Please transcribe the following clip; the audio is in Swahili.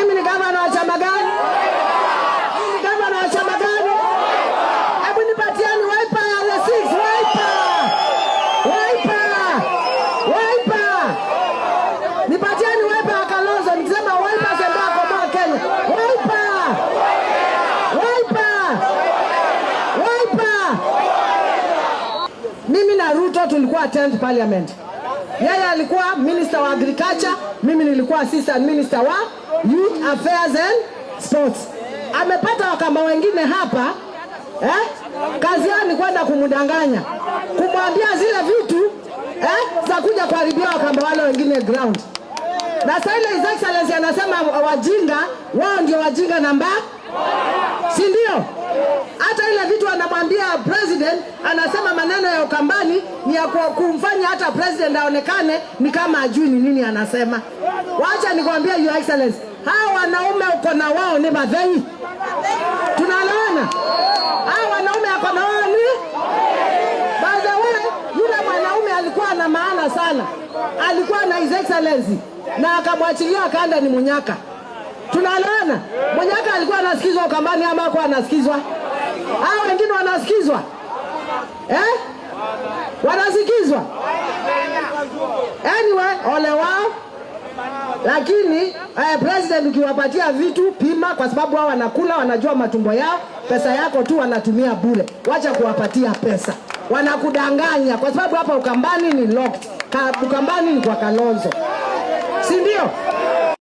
Mimi ni gavana wa chama gani? Mimi ni Gavana wa chama gani? Hebu nipatieni Wiper ya six, Wiper. Wiper. Wiper. Nipatieni Wiper ya Kalonzo nikisema Wiper sema kwa kwa Kenya. Wiper. Wiper. Wiper. Mimi na Ruto tulikuwa attend parliament. Yeye alikuwa minister wa agriculture, mimi nilikuwa assistant minister wa youth affairs and sports. Amepata wakamba wengine hapa eh? Kazi yao ni kwenda kumdanganya, kumwambia zile vitu eh, za kuja kuharibia wakamba wale wengine ground. Na sasa ile His Excellency anasema wajinga wao ndio wajinga namba, si ndio? Hata ile vitu anamwambia president anasema maneno ya Ukambani ni ya kumfanya hata president aonekane ni kama ajui ni nini anasema. Wacha nikwambie your excellence, hao wanaume uko na wao ni madhei, tunaelewana? Hao wanaume uko na wao ni by the way, yule mwanaume alikuwa na maana sana, alikuwa na his excellence na akamwachilia akaenda ni Munyaka, tunaelewana? Munyaka alikuwa anasikizwa Ukambani ama hakuwa anasikizwa? Hao wengine wanasikizwa eh? Wanasikizwa anyway, ole wao. Lakini eh, president, ukiwapatia vitu pima, kwa sababu hao wanakula, wanajua matumbo yao. Pesa yako tu wanatumia bure, wacha kuwapatia pesa, wanakudanganya kwa sababu hapa Ukambani ni locked. Ka, Ukambani ni kwa Kalonzo, si ndio?